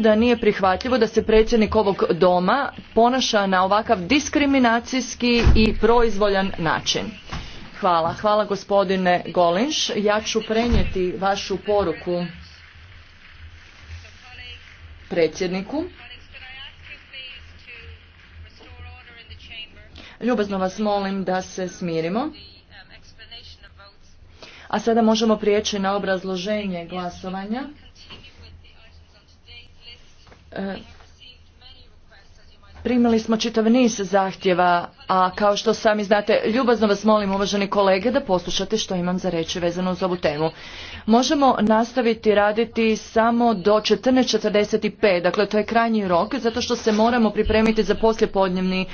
da nije prihvatljivo da se predsjednik ovog doma ponaša na ovakav diskriminacijski i proizvoljan način. Hvala. Hvala gospodine Golinš. Ja ću prenijeti vašu poruku predsjedniku. Ljubazno vas molim da se smirimo. A sada možemo prijeći na obrazloženje glasovanja. E, Primili smo čitav niz zahtjeva, a kao što sami znate, ljubazno vas molim, uvaženi kolege, da poslušate što imam za reći vezano uz ovu temu. Možemo nastaviti raditi samo do 14.45, dakle to je krajnji rok, zato što se moramo pripremiti za poslijepodnevni e,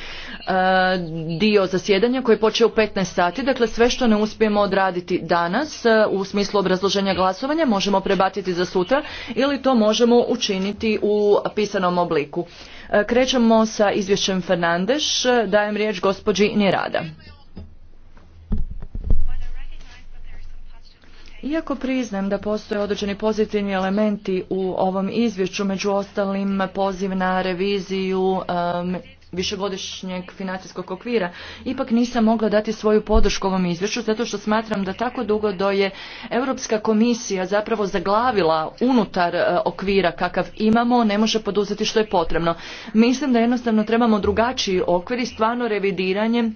dio zasjedanja koji počeo u 15 sati, dakle sve što ne uspijemo odraditi danas e, u smislu obrazloženja glasovanja možemo prebaciti za sutra ili to možemo učiniti u pisanom obliku. E, krećemo sa izvješćem Fernandeš. E, dajem riječ gospođi Nirada. Iako priznam da postoje određeni pozitivni elementi u ovom izvješću, među ostalim poziv na reviziju višegodišnjeg financijskog okvira, ipak nisam mogla dati svoju podršku ovom izvješću zato što smatram da tako dugo do je Europska komisija zapravo zaglavila unutar e, okvira kakav imamo, ne može poduzeti što je potrebno. Mislim da jednostavno trebamo drugačiji okvir i stvarno revidiranje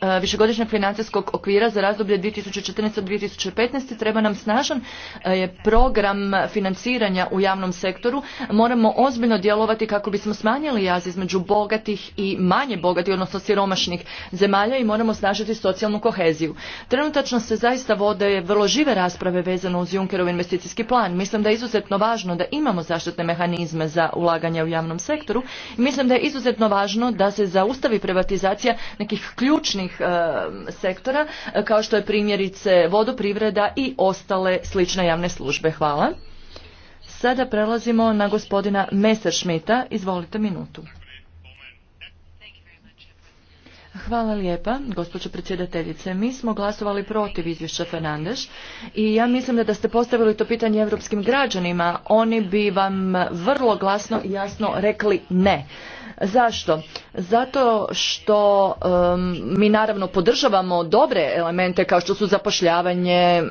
E, višegodišnjeg financijskog okvira za razdoblje 2014-2015 treba nam snažan e, program financiranja u javnom sektoru. Moramo ozbiljno djelovati kako bismo smanjili jaz između bogatih i manje bogatih, odnosno siromašnih zemalja i moramo snažiti socijalnu koheziju. Trenutačno se zaista vode vrlo žive rasprave vezano uz Junckerov investicijski plan. Mislim da je izuzetno važno da imamo zaštitne mehanizme za ulaganje u javnom sektoru. Mislim da je izuzetno važno da se zaustavi privatizacija nekih ključnih sličnih e, sektora kao što je primjerice vodoprivreda i ostale slične javne službe. Hvala. Sada prelazimo na gospodina Messerschmitta. Izvolite minutu. Hvala lijepa, gospođo predsjedateljice. Mi smo glasovali protiv izvješća Fernandes i ja mislim da da ste postavili to pitanje europskim građanima, oni bi vam vrlo glasno i jasno rekli ne. Zašto? Zato što mi naravno podržavamo dobre elemente kao što su zapošljavanje,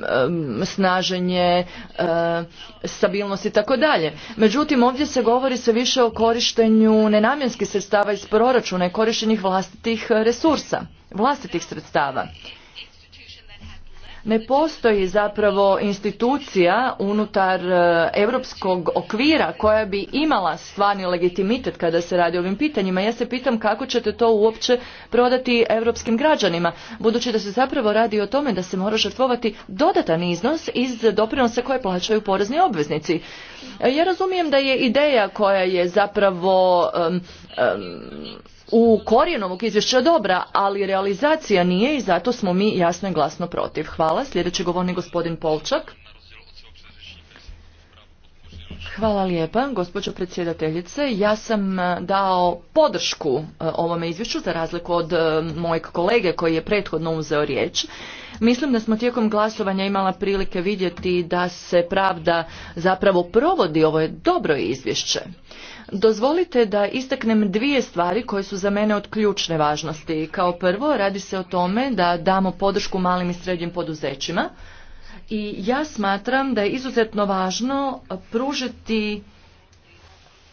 snaženje, stabilnost i tako dalje. Međutim, ovdje se govori sve više o korištenju nenamjenskih sredstava iz proračuna i korištenih vlastitih resursa, vlastitih sredstava ne postoji zapravo institucija unutar europskog okvira koja bi imala stvarni legitimitet kada se radi o ovim pitanjima. Ja se pitam kako ćete to uopće prodati europskim građanima, budući da se zapravo radi o tome da se mora žrtvovati dodatan iznos iz doprinosa koje plaćaju porezni obveznici. E, ja razumijem da je ideja koja je zapravo u korijenu ovog izvješća dobra, ali realizacija nije i zato smo mi jasno i glasno protiv. Hvala. Sljedeći govornik gospodin Polčak. Hvala lijepa, gospođo predsjedateljice. Ja sam e, dao podršku e, ovome izvješću za razliku od e, mojeg kolege koji je prethodno uzeo riječ. Mislim da smo tijekom glasovanja imala prilike vidjeti da se pravda zapravo provodi. Ovo je dobro izvješće. Dozvolite da istaknem dvije stvari koje su za mene od ključne važnosti. Kao prvo, radi se o tome da damo podršku malim i srednjim poduzećima i ja smatram da je izuzetno važno pružiti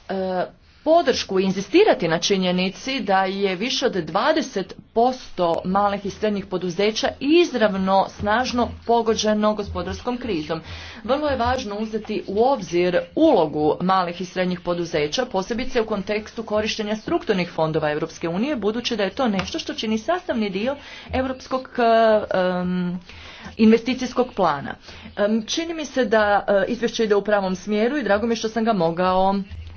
e, podršku i inzistirati na činjenici da je više od 20% malih i srednjih poduzeća izravno snažno pogođeno gospodarskom krizom. Vrlo je važno uzeti u obzir ulogu malih i srednjih poduzeća, posebice u kontekstu korištenja strukturnih fondova Europske unije, budući da je to nešto što čini sastavni dio europskog e, investicijskog plana. Čini mi se da e, izvješće ide u pravom smjeru i drago mi je što sam ga mogao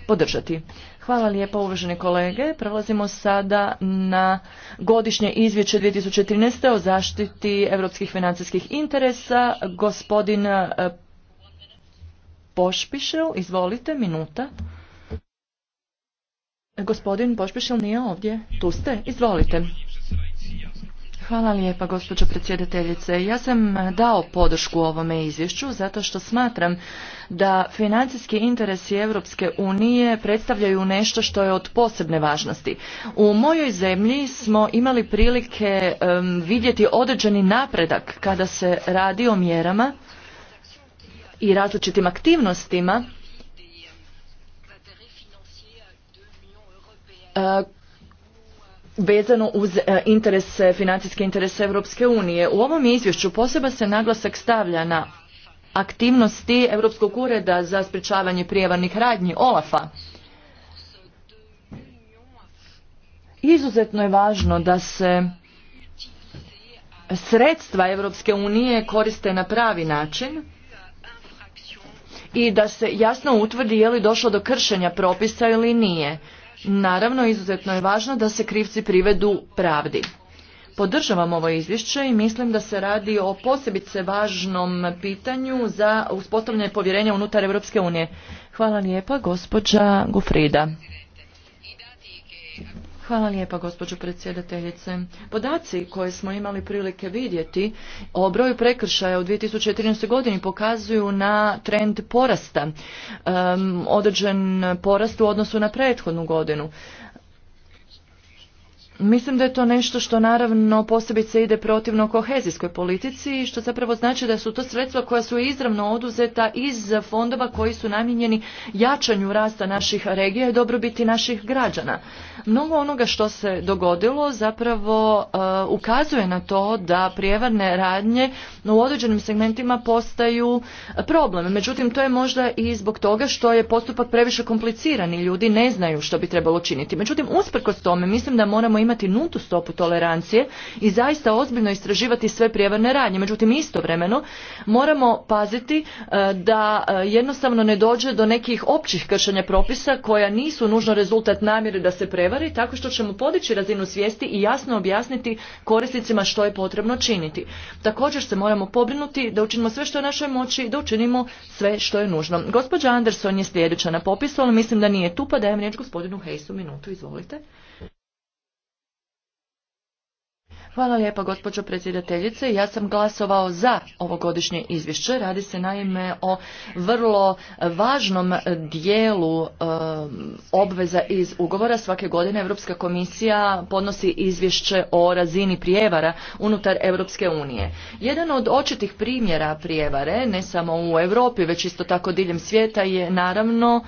podržati. Hvala lijepo uvažene kolege. Prelazimo sada na godišnje izvješće 2013. o zaštiti europskih financijskih interesa. Gospodin e, Pošpišel, izvolite, minuta. Gospodin Pošpišel nije ovdje. Tu ste, izvolite. Hvala lijepa gospođo predsjedateljice. Ja sam eh, dao podršku ovome izvješću zato što smatram da financijski interesi Europske unije predstavljaju nešto što je od posebne važnosti. U mojoj zemlji smo imali prilike vidjeti određeni napredak kada se radi o mjerama i različitim aktivnostima eh, vezano uz e, interese, financijske interese Europske unije. U ovom izvješću poseba se naglasak stavlja na aktivnosti Europskog ureda za sprječavanje prijevarnih radnji, OLAFA. Izuzetno je važno da se sredstva Europske unije koriste na pravi način i da se jasno utvrdi je li došlo do kršenja propisa ili nije. Naravno, izuzetno je važno da se krivci privedu pravdi. Podržavam ovo izvješće i mislim da se radi o posebice važnom pitanju za uspostavljanje povjerenja unutar Europske unije. Hvala lijepa, gospođa Gufrida. Hvala lijepa, gospođo predsjedateljice. Podaci koje smo imali prilike vidjeti o broju prekršaja u 2013. godini pokazuju na trend porasta, um, određen porast u odnosu na prethodnu godinu. Mislim da je to nešto što naravno posebice ide protivno kohezijskoj politici i što zapravo znači da su to sredstva koja su izravno oduzeta iz fondova koji su namijenjeni jačanju rasta naših regija i dobrobiti naših građana. Mnogo onoga što se dogodilo zapravo e, ukazuje na to da prijevarne radnje u određenim segmentima postaju problem. Međutim, to je možda i zbog toga što je postupak previše kompliciran i ljudi ne znaju što bi trebalo činiti. Međutim, usprkos tome mislim da moramo imati nultu stopu tolerancije i zaista ozbiljno istraživati sve prijevarne radnje. Međutim, istovremeno moramo paziti e, da e, jednostavno ne dođe do nekih općih kršenja propisa koja nisu nužno rezultat namjere da se prevari, tako što ćemo podići razinu svijesti i jasno objasniti korisnicima što je potrebno činiti. Također se moramo pobrinuti da učinimo sve što je našoj moći, da učinimo sve što je nužno. Gospođa Anderson je sljedeća na popisu, ali mislim da nije tu, pa dajem riječ gospodinu Hejsu minutu, izvolite. Hvala lijepa gospođo predsjedateljice. Ja sam glasovao za ovogodišnje izvješće. Radi se naime o vrlo važnom dijelu um, obveza iz ugovora. Svake godine Europska komisija podnosi izvješće o razini prijevara unutar Europske unije. Jedan od očitih primjera prijevare, ne samo u Europi, već isto tako diljem svijeta, je naravno uh,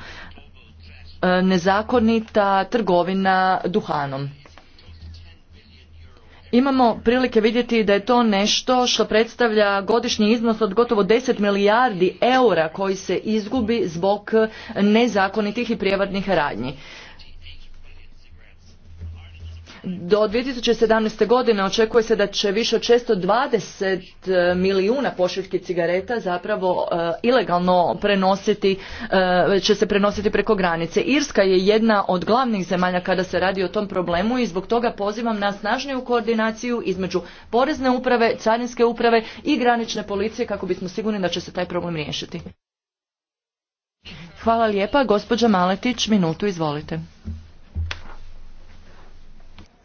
nezakonita trgovina duhanom imamo prilike vidjeti da je to nešto što predstavlja godišnji iznos od gotovo 10 milijardi eura koji se izgubi zbog nezakonitih i prijevarnih radnji. Do 2017. godine očekuje se da će više od 620 e, milijuna pošiljki cigareta zapravo e, ilegalno prenositi, e, će se prenositi preko granice. Irska je jedna od glavnih zemalja kada se radi o tom problemu i zbog toga pozivam na snažniju koordinaciju između porezne uprave, carinske uprave i granične policije kako bismo sigurni da će se taj problem riješiti. Hvala lijepa. Gospođa Maletić, minutu izvolite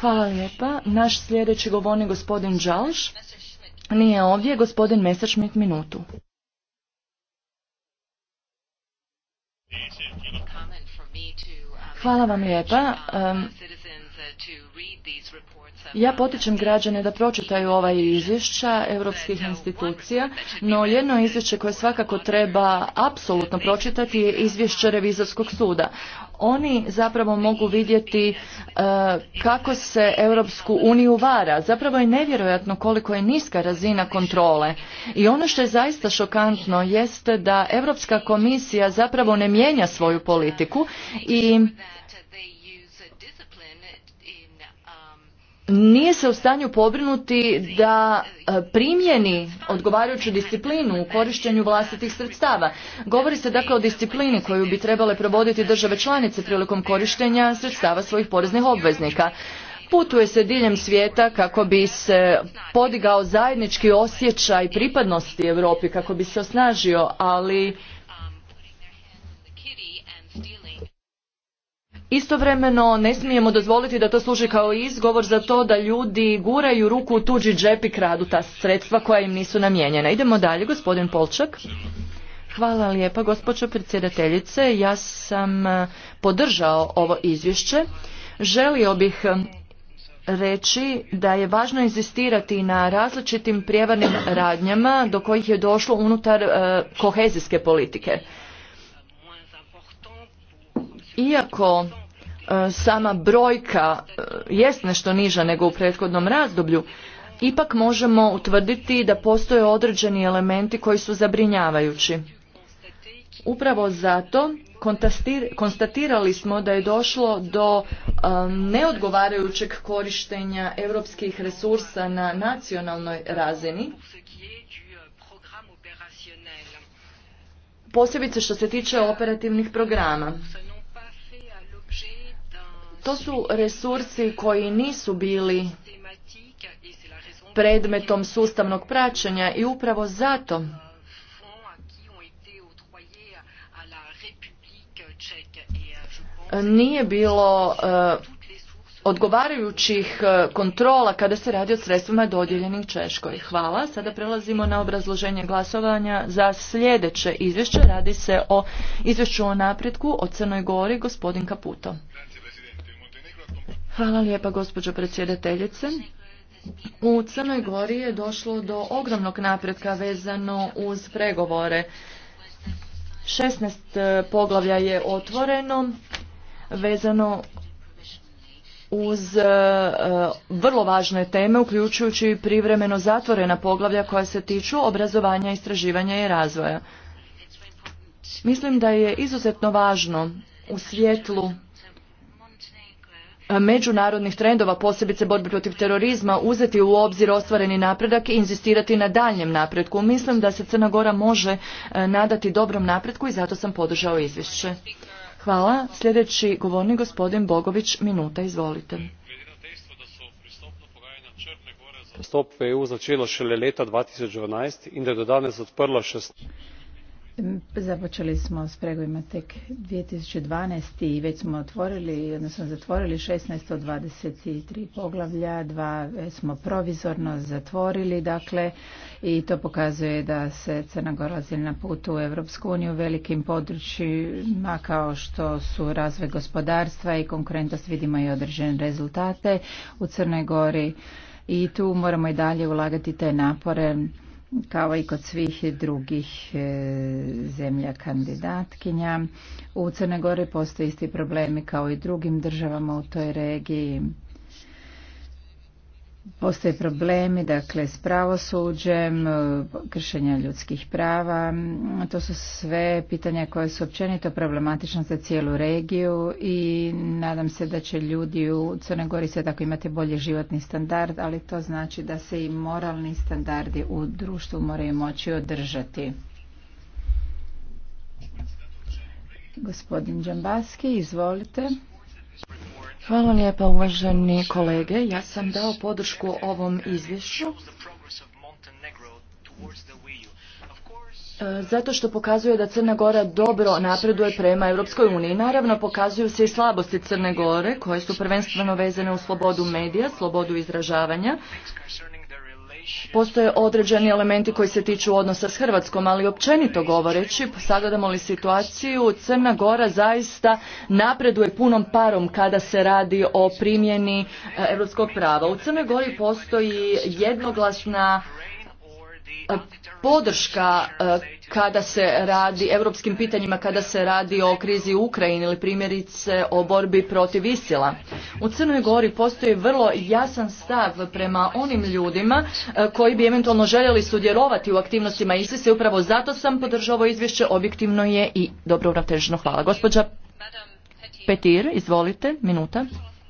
Hvala lijepa. Naš sljedeći govornik gospodin Đalš. Nije ovdje, gospodin Messerschmidt minutu. Hvala vam lijepa. ja potičem građane da pročitaju ova izvješća europskih institucija, no jedno izvješće koje svakako treba apsolutno pročitati je izvješće revizorskog suda oni zapravo mogu vidjeti e, kako se Europsku uniju vara. Zapravo je nevjerojatno koliko je niska razina kontrole. I ono što je zaista šokantno jeste da Europska komisija zapravo ne mijenja svoju politiku i nije se u stanju pobrinuti da e, primjeni odgovarajuću disciplinu u korištenju vlastitih sredstava. Govori se dakle o disciplini koju bi trebale provoditi države članice prilikom korištenja sredstava svojih poreznih obveznika. Putuje se diljem svijeta kako bi se podigao zajednički osjećaj pripadnosti Europi, kako bi se osnažio, ali Istovremeno ne smijemo dozvoliti da to služi kao izgovor za to da ljudi guraju ruku u tuđi džep i kradu ta sredstva koja im nisu namijenjena. Idemo dalje, gospodin Polčak. Hvala lijepa, gospođo predsjedateljice. Ja sam e, podržao ovo izvješće. Želio bih e, reći da je važno inzistirati na različitim prijevarnim radnjama do kojih je došlo unutar e, kohezijske politike iako e, sama brojka e, jest nešto niža nego u prethodnom razdoblju, ipak možemo utvrditi da postoje određeni elementi koji su zabrinjavajući. Upravo zato konstatirali smo da je došlo do e, neodgovarajućeg korištenja europskih resursa na nacionalnoj razini, posebice što se tiče operativnih programa. To su resursi koji nisu bili predmetom sustavnog praćenja i upravo zato nije bilo e, odgovarajućih e, kontrola kada se radi o sredstvima dodijeljenim Češkoj. Hvala. Sada prelazimo na obrazloženje glasovanja za sljedeće izvješće. Radi se o izvješću o napretku o Crnoj Gori, gospodin Kaputo. Hvala lijepa gospođo predsjedateljice. U Crnoj Gori je došlo do ogromnog napretka vezano uz pregovore. 16 e, poglavlja je otvoreno vezano uz e, e, vrlo važne teme, uključujući privremeno zatvorena poglavlja koja se tiču obrazovanja, istraživanja i razvoja. Mislim da je izuzetno važno u svijetlu međunarodnih trendova, posebice borbe protiv terorizma, uzeti u obzir ostvareni napredak i inzistirati na daljem napretku. Mislim da se Crna Gora može e, nadati dobrom napretku i zato sam podržao izvješće. Hvala. Sljedeći govornik gospodin Bogović, minuta, izvolite. Stop EU začelo šele leta je do danes Započeli smo s pregovima tek 2012. i već smo otvorili, odnosno zatvorili 1623 od poglavlja, dva smo provizorno zatvorili, dakle, i to pokazuje da se Crna Gora na putu u Europsku uniju velikim područjima kao što su razvoj gospodarstva i konkurentnost vidimo i određene rezultate u Crnoj Gori i tu moramo i dalje ulagati te napore kao i kod svih drugih e, zemlja kandidatkinja. U Crne Gori postoje isti problemi kao i drugim državama u toj regiji. Postoje problemi, dakle, s pravosuđem, e, kršenja ljudskih prava, to su sve pitanja koje su općenito problematična za cijelu regiju i nadam se da će ljudi u Crnoj Gori sve tako imati bolji životni standard, ali to znači da se i moralni standardi u društvu moraju moći održati. Gospodin Džambaski, izvolite. Hvala lijepa uvaženi kolege. Ja sam dao podršku ovom izvješću e, zato što pokazuje da Crna Gora dobro napreduje prema Europskoj uniji. Naravno pokazuju se i slabosti Crne Gore koje su prvenstveno vezane u slobodu medija, slobodu izražavanja Postoje određeni elementi koji se tiču odnosa s Hrvatskom, ali općenito govoreći, sagledamo li situaciju, Crna Gora zaista napreduje punom parom kada se radi o primjeni europskog prava. U Crnoj Gori postoji jednoglasna podrška e, kada se radi europskim pitanjima kada se radi o krizi u Ukrajini ili primjerice o borbi protiv Isila. U Crnoj Gori postoji vrlo jasan stav prema onim ljudima e, koji bi eventualno željeli sudjelovati u aktivnostima isis i upravo zato sam podržao izvješće objektivno je i dobro uravtežno. Hvala. Gospođa Petir, izvolite, minuta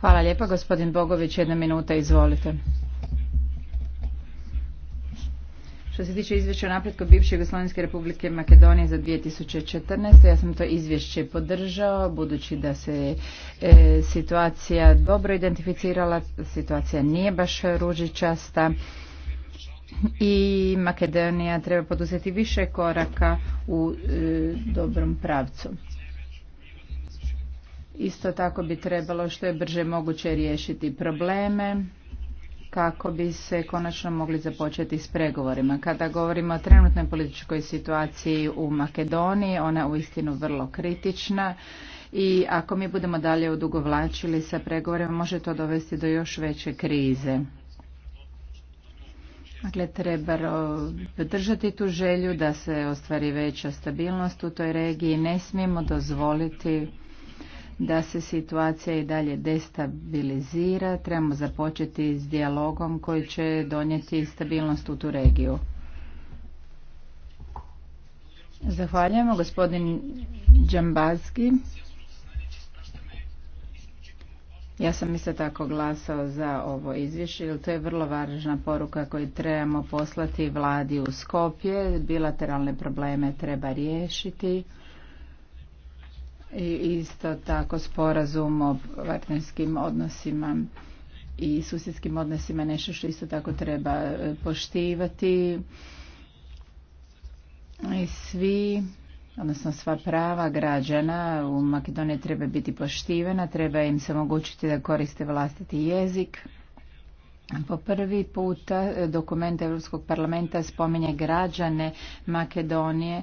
Hvala lijepa, gospodin Bogović, jedna minuta, izvolite. Što se tiče izvješća o napretku bivše Jugoslavenske republike Makedonije za 2014. Ja sam to izvješće podržao budući da se e, situacija dobro identificirala, situacija nije baš ružičasta i Makedonija treba poduzeti više koraka u e, dobrom pravcu. Isto tako bi trebalo što je brže moguće riješiti probleme kako bi se konačno mogli započeti s pregovorima. Kada govorimo o trenutnoj političkoj situaciji u Makedoniji, ona je uistinu vrlo kritična i ako mi budemo dalje odugovlačili sa pregovorima može to dovesti do još veće krize. Dakle, treba podržati tu želju da se ostvari veća stabilnost u toj regiji. Ne smijemo dozvoliti da se situacija i dalje destabilizira. Trebamo započeti s dijalogom koji će donijeti stabilnost u tu regiju. Zahvaljujemo gospodin Džambazgi. Ja sam isto tako glasao za ovo izvješće, jer to je vrlo važna poruka koju trebamo poslati vladi u Skopje. Bilateralne probleme treba riješiti. I isto tako sporazum o partnerskim odnosima i susjedskim odnosima nešto što isto tako treba e, poštivati. I svi odnosno sva prava građana u Makedoniji treba biti poštivena, treba im se omogućiti da koriste vlastiti jezik. Po prvi puta dokument Europskog parlamenta spominje građane Makedonije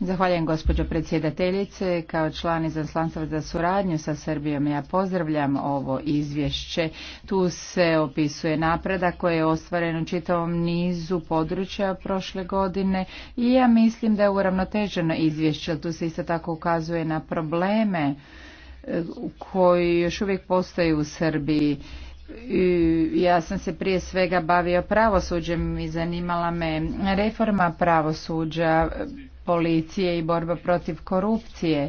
Zahvaljujem gospođo predsjedateljice. Kao član izaslanstva za suradnju sa Srbijom ja pozdravljam ovo izvješće. Tu se opisuje napredak koji je ostvaren u čitavom nizu područja prošle godine i ja mislim da je uravnoteženo izvješće. Tu se isto tako ukazuje na probleme e, koji još uvijek postoje u Srbiji. Ja sam se prije svega bavio pravosuđem i zanimala me reforma pravosuđa policije i borba protiv korupcije.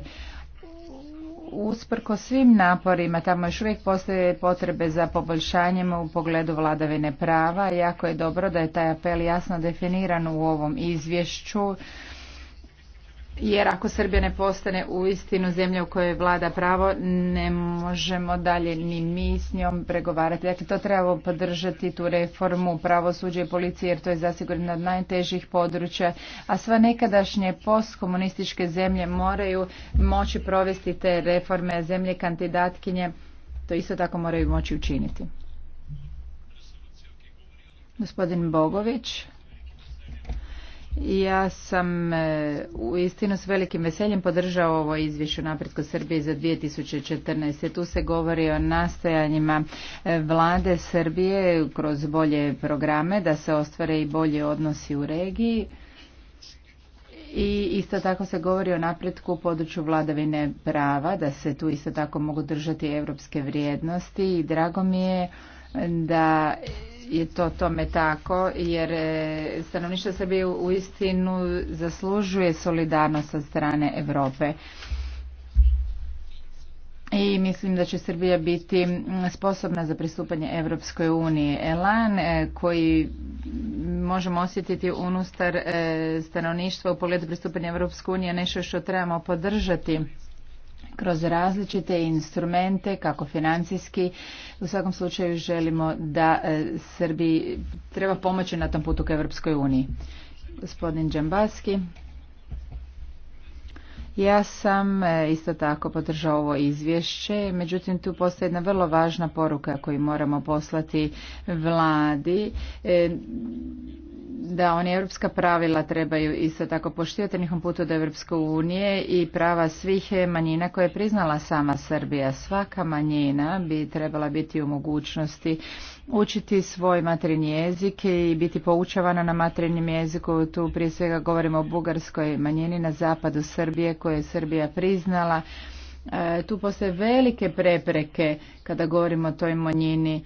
Usprko svim naporima tamo još uvijek postoje potrebe za poboljšanjem u pogledu vladavine prava. Jako je dobro da je taj apel jasno definiran u ovom izvješću jer ako Srbija ne postane u istinu zemlja u kojoj vlada pravo, ne možemo dalje ni mi s njom pregovarati. Dakle, to trebamo podržati, tu reformu pravosuđa i policije, jer to je zasigurno od najtežih područja. A sva nekadašnje postkomunističke zemlje moraju moći provesti te reforme zemlje kandidatkinje. To isto tako moraju moći učiniti. Gospodin Bogović. Ja sam e, u istinu s velikim veseljem podržao ovo izvješće napretku Srbije za 2014. Tu se govori o nastojanjima e, vlade Srbije kroz bolje programe da se ostvare i bolje odnosi u regiji. I isto tako se govori o napretku u području vladavine prava, da se tu isto tako mogu držati europske vrijednosti i drago mi je da je to tome tako jer e, stanovništvo Srbije u istinu zaslužuje solidarnost sa strane Europe. I mislim da će Srbija biti sposobna za pristupanje Europskoj uniji. Elan e, koji možemo osjetiti unutar e, stanovništva u pogledu pristupanja Europskoj unije je nešto što trebamo podržati kroz različite instrumente, kako financijski. U svakom slučaju želimo da e, Srbiji treba pomoći na tom putu ka Europskoj uniji. Gospodin Ja sam e, isto tako podržao ovo izvješće, međutim tu postoji jedna vrlo važna poruka koju moramo poslati vladi. E, da oni europska pravila trebaju isto tako poštivati njihom putu do Evropske unije i prava svih manjina koje je priznala sama Srbija. Svaka manjina bi trebala biti u mogućnosti učiti svoj materinji jezik i biti poučavana na materinjem jeziku. Tu prije svega govorimo o bugarskoj manjini na zapadu Srbije koje je Srbija priznala. E, tu postoje velike prepreke kada govorimo o toj manjini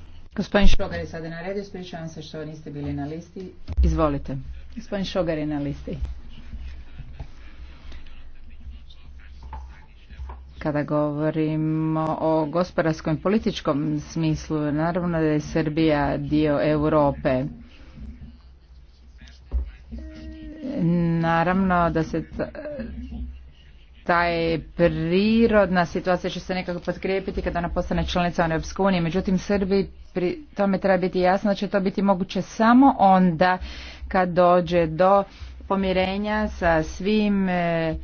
Gospodin Šogar je sada na redu, ispričavam se što niste bili na listi. Izvolite. Gospodin Šogar je na listi. Kada govorimo o gospodarskom političkom smislu, naravno da je Srbija dio Europe. Naravno da se taj prirodna situacija će se nekako potkrijepiti kada ona postane članica Europske unije. Međutim, Srbi pri tome treba biti jasno da će to biti moguće samo onda kad dođe do pomirenja sa svim e,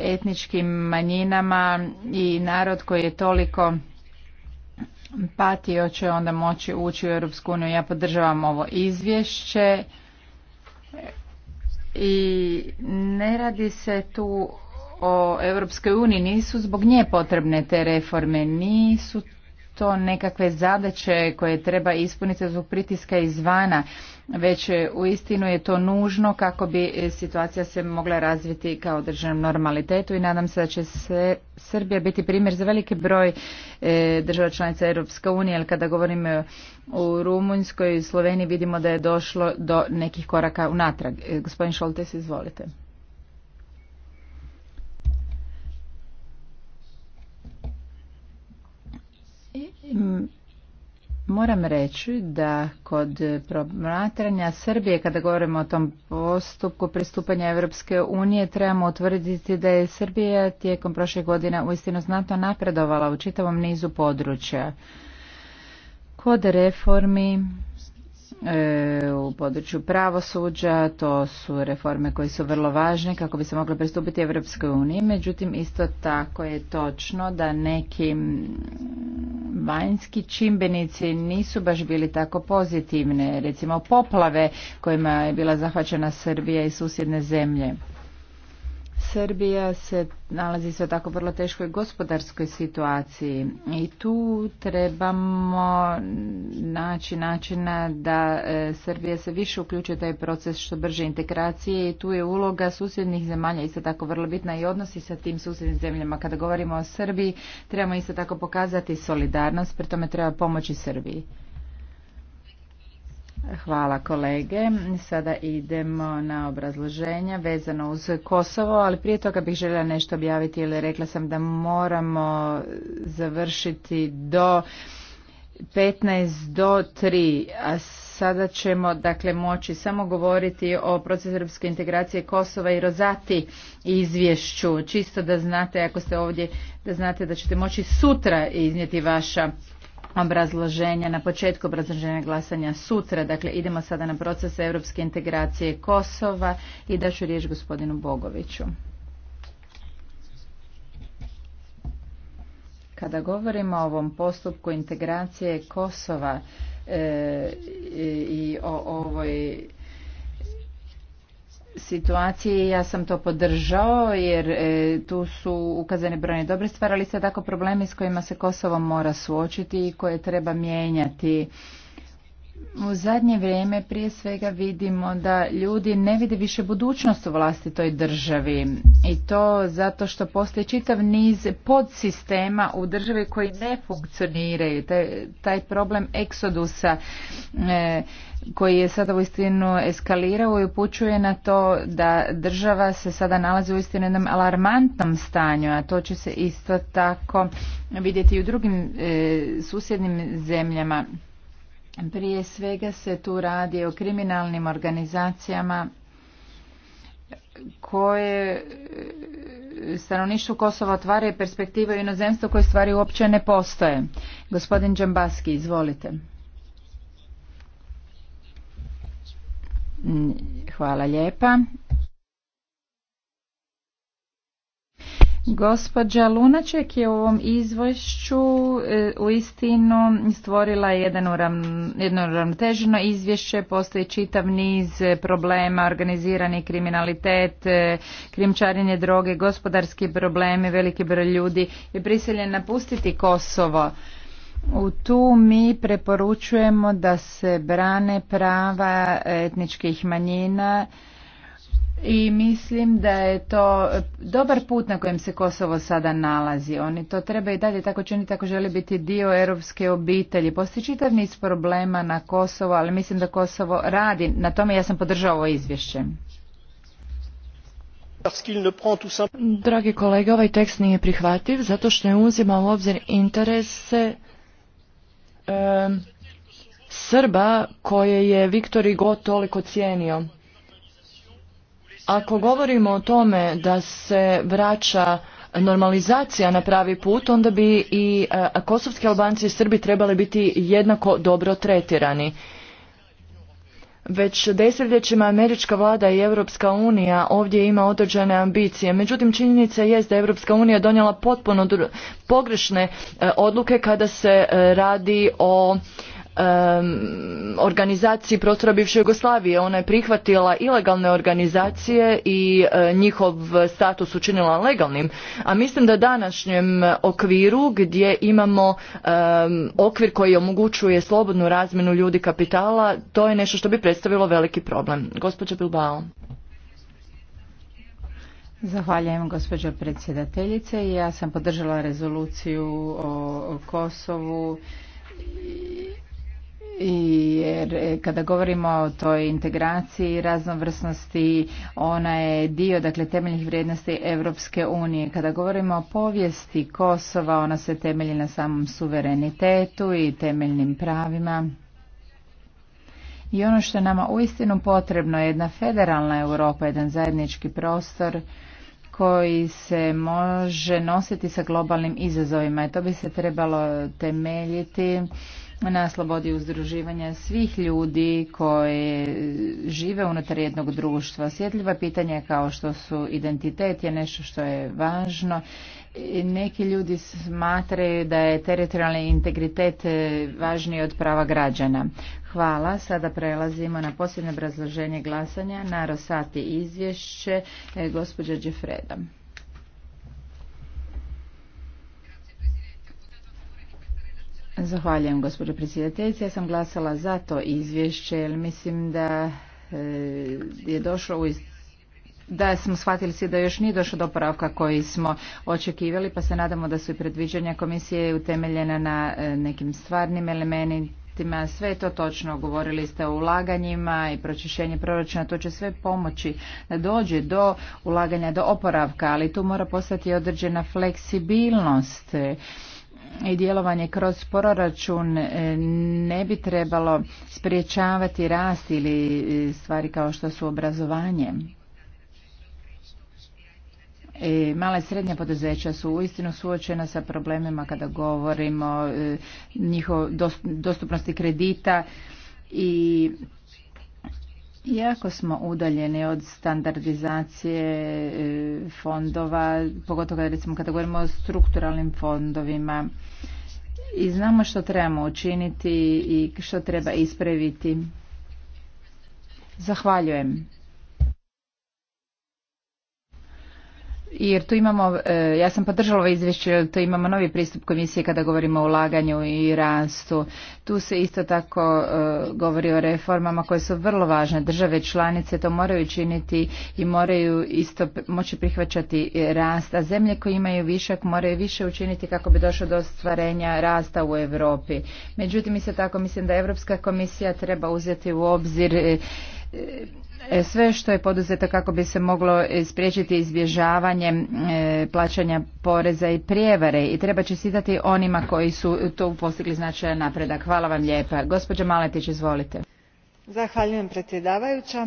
etničkim manjinama i narod koji je toliko patio će onda moći ući u Europsku uniju. Ja podržavam ovo izvješće i ne radi se tu o Europskoj uniji, nisu zbog nje potrebne te reforme, nisu to nekakve zadaće koje treba ispuniti zbog pritiska izvana, već u istinu je to nužno kako bi situacija se mogla razviti kao državnom normalitetu i nadam se da će se Srbija biti primjer za veliki broj e, država članica Europske unije, ali kada govorimo o Rumunjskoj i Sloveniji vidimo da je došlo do nekih koraka unatrag. E, gospodin Šoltes, izvolite. Moram reći da kod promatranja Srbije, kada govorimo o tom postupku pristupanja Europske unije, trebamo utvrditi da je Srbija tijekom prošle godine uistinu znatno napredovala u čitavom nizu područja. Kod reformi, E, u području pravosuđa, to su reforme koje su vrlo važne kako bi se moglo pristupiti Evropskoj uniji, međutim isto tako je točno da neki vanjski čimbenici nisu baš bili tako pozitivne, recimo poplave kojima je bila zahvaćena Srbija i susjedne zemlje. Srbija se nalazi sve tako vrlo teškoj gospodarskoj situaciji i tu trebamo naći načina da e, Srbija se više uključuje taj proces što brže integracije i tu je uloga susjednih zemalja isto tako vrlo bitna i odnosi sa tim susjednim zemljama. Kada govorimo o Srbiji trebamo isto tako pokazati solidarnost, pri tome treba pomoći Srbiji. Hvala kolege. Sada idemo na obrazloženja vezano uz Kosovo, ali prije toga bih željela nešto objaviti jer rekla sam da moramo završiti do 15 do 3, a sada ćemo dakle moći samo govoriti o procesu europske integracije Kosova i Rozati izvješću. Čisto da znate, ako ste ovdje, da znate da ćete moći sutra iznijeti vaša obrazloženja na početku obrazloženja glasanja sutra. Dakle, idemo sada na proces europske integracije Kosova i ću riječ gospodinu Bogoviću. Kada govorimo o ovom postupku integracije Kosova e, i o ovoj situaciji ja sam to podržao jer e, tu su ukazane brojne dobre stvari, ali sad tako problemi s kojima se Kosovo mora suočiti i koje treba mijenjati. U zadnje vrijeme prije svega vidimo da ljudi ne vide više budućnost u vlastitoj državi i to zato što postoji čitav niz podsistema u državi koji ne funkcioniraju. Taj, taj problem eksodusa e, koji je sada uistinu eskalirao i upućuje na to da država se sada nalazi u istinu jednom alarmantnom stanju, a to će se isto tako vidjeti i u drugim e, susjednim zemljama prije svega se tu radi o kriminalnim organizacijama koje e, stanovništvu Kosova otvaraju perspektive u inozemstvu koje stvari uopće ne postoje. Gospodin Džambaski, izvolite. Hvala lijepa. Gospođa Lunaček je u ovom izvješću e, u istinu stvorila jedno uravnoteženo izvješće. Postoji čitav niz problema, organizirani kriminalitet, e, krimčarenje droge, gospodarski problemi, veliki broj ljudi je prisiljen napustiti Kosovo. U tu mi preporučujemo da se brane prava etničkih manjina, i mislim da je to dobar put na kojem se Kosovo sada nalazi. Oni to treba i dalje tako činiti ako žele biti dio europske obitelji. Postoji čitav niz problema na Kosovo, ali mislim da Kosovo radi. Na tome ja sam podržao ovo izvješće. Dragi kolege, ovaj tekst nije prihvativ zato što je uzima u obzir interese Srba koje je Viktor Igo toliko cijenio. Ako govorimo o tome da se vraća normalizacija na pravi put, onda bi i e, kosovski Albanci i Srbi trebali biti jednako dobro tretirani. Već desetljećima američka vlada i Europska unija ovdje ima određene ambicije. Međutim, činjenica je da je Europska unija donijela potpuno pogrešne e, odluke kada se e, radi o organizaciji prostora bivše Jugoslavije. Ona je prihvatila ilegalne organizacije i e, njihov status učinila legalnim. A mislim da današnjem okviru gdje imamo okvir koji omogućuje slobodnu razmjenu ljudi kapitala, to je nešto što bi predstavilo veliki problem. Gospođa Bilbao. Zahvaljujem gospođo predsjedateljice. Ja sam podržala rezoluciju o Kosovu jer e, kada govorimo o toj integraciji raznovrsnosti ona je dio dakle temeljnih vrijednosti Europske unije kada govorimo o povijesti Kosova ona se temelji na samom suverenitetu i temeljnim pravima i ono što je nama uistinu potrebno je jedna federalna Europa jedan zajednički prostor koji se može nositi sa globalnim izazovima i to bi se trebalo temeljiti na slobodi uzdruživanja svih ljudi koji žive unutar jednog društva. Osjetljiva pitanja kao što su identitet je nešto što je važno. Neki ljudi smatraju da je teritorijalni integritet e, važniji od prava građana. Hvala. Sada prelazimo na posljedno obrazloženje glasanja na Rosati izvješće e, gospođa Đefreda. Zahvaljujem, gospođo predsjedateljice. Ja sam glasala za to izvješće, jer mislim da e, je došlo u da smo shvatili svi da još nije došlo do oporavka koji smo očekivali, pa se nadamo da su i predviđanja komisije utemeljena na e, nekim stvarnim elementima. Sve je to točno, govorili ste o ulaganjima i pročišćenje proračuna, to će sve pomoći da dođe do ulaganja, do oporavka, ali tu mora postati određena fleksibilnost i djelovanje kroz proračun e, ne bi trebalo spriječavati rast ili e, stvari kao što su obrazovanje. E, mala i srednja poduzeća su uistinu suočena sa problemima kada govorimo o njihovoj dostupnosti kredita i iako smo udaljeni od standardizacije e, fondova, pogotovo kada, recimo, kada govorimo o strukturalnim fondovima. I znamo što trebamo učiniti i što treba ispraviti. Zahvaljujem. jer tu imamo, e, ja sam podržala ovo izvješće, jer tu imamo novi pristup komisije kada govorimo o ulaganju i rastu. Tu se isto tako e, govori o reformama koje su vrlo važne. Države članice to moraju činiti i moraju isto moći prihvaćati rast, a zemlje koje imaju višak moraju više učiniti kako bi došlo do ostvarenja rasta u Europi. Međutim, isto tako mislim da Europska komisija treba uzeti u obzir e, E, sve što je poduzeto kako bi se moglo spriječiti izbježavanje e, plaćanja poreza i prijevare i treba čestitati onima koji su to postigli značajan napredak. Hvala vam lijepa. Gospođa Maletić, izvolite. Zahvaljujem predsjedavajuća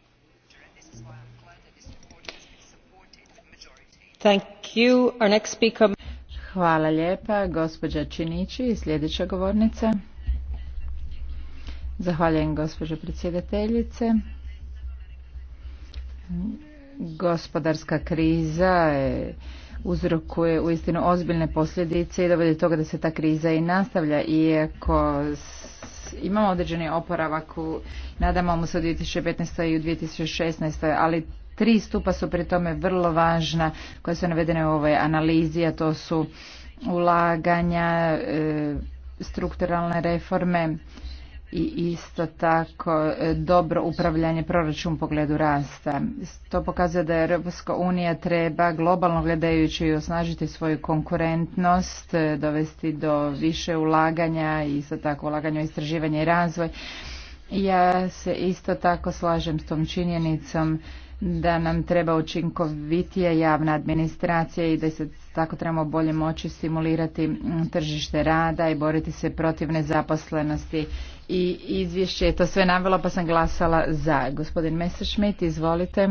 Thank Hvala lijepa, gospođa Činići sljedeća govornica. Zahvaljujem gospođo predsjedateljice. Gospodarska kriza je uzrokuje uistinu ozbiljne posljedice i dovodi toga da se ta kriza i nastavlja iako imamo određeni oporavak u Nadamo mu se u 2015. i u 2016. ali tri stupa su pri tome vrlo važna koja su navedene u ovoj analizi, a to su ulaganja, e, strukturalne reforme i isto tako e, dobro upravljanje proračun pogledu rasta. To pokazuje da Europska unija treba globalno gledajući osnažiti svoju konkurentnost, e, dovesti do više ulaganja i isto tako ulaganja u istraživanje i razvoj ja se isto tako slažem s tom činjenicom da nam treba učinkovitije javna administracija i da se tako trebamo bolje moći stimulirati tržište rada i boriti se protiv nezaposlenosti. I izvješće je to sve navjelo, pa sam glasala za. Gospodin Messerschmidt, izvolite.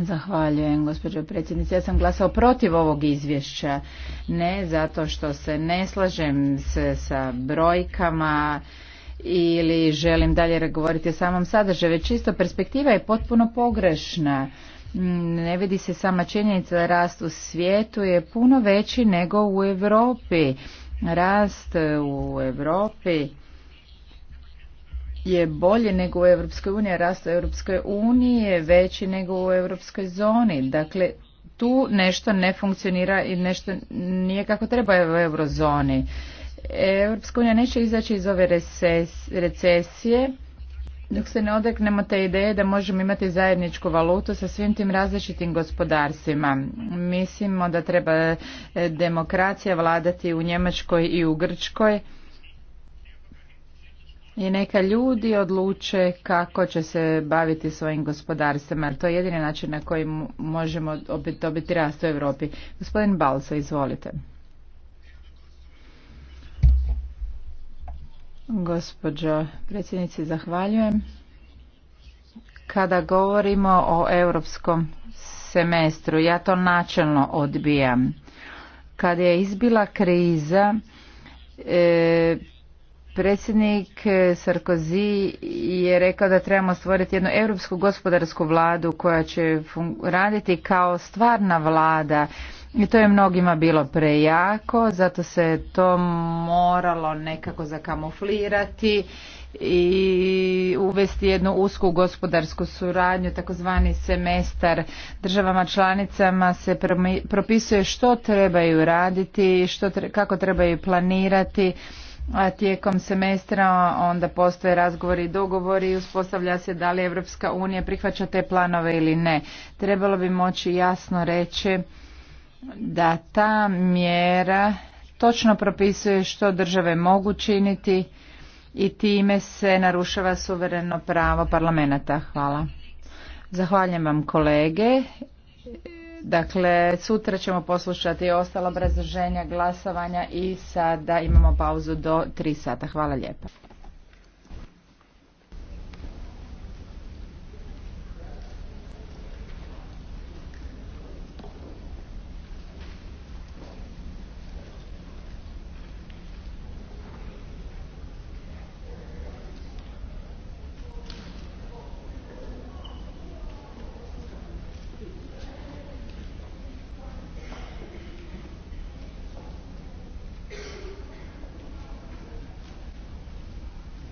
Zahvaljujem, gospođo predsjednice. Ja sam glasao protiv ovog izvješća. Ne zato što se ne slažem se sa brojkama, ili želim dalje govoriti o samom sadržaju, već čisto perspektiva je potpuno pogrešna. Mm, ne vidi se sama činjenica da rast u svijetu je puno veći nego u Europi. Rast u Europi je bolje nego u Europskoj uniji, rast u Europskoj uniji je veći nego u Europskoj zoni. Dakle, tu nešto ne funkcionira i nešto nije kako treba u eurozoni. Europska unija neće izaći iz ove recesije dok se ne odeknemo te ideje da možemo imati zajedničku valutu sa svim tim različitim gospodarstvima. Mislimo da treba e, demokracija vladati u Njemačkoj i u Grčkoj i neka ljudi odluče kako će se baviti svojim gospodarstvima. To je jedini način na koji možemo dobiti rast u Europi. Gospodin Balso, izvolite. Gospođo predsjednice, zahvaljujem. Kada govorimo o europskom semestru, ja to načelno odbijam. Kada je izbila kriza, e, predsjednik Sarkozy je rekao da trebamo stvoriti jednu europsku gospodarsku vladu koja će raditi kao stvarna vlada i to je mnogima bilo prejako, zato se to moralo nekako zakamuflirati i uvesti jednu usku gospodarsku suradnju, takozvani semestar. Državama članicama se propisuje što trebaju raditi, što, kako trebaju planirati, a tijekom semestra onda postoje razgovori i dogovori i uspostavlja se da li Evropska unija prihvaća te planove ili ne. Trebalo bi moći jasno reći da ta mjera točno propisuje što države mogu činiti i time se narušava suvereno pravo parlamenta. Hvala. Zahvaljujem vam kolege. Dakle, sutra ćemo poslušati ostalo obrazloženja glasovanja i sada imamo pauzu do 3 sata. Hvala lijepa.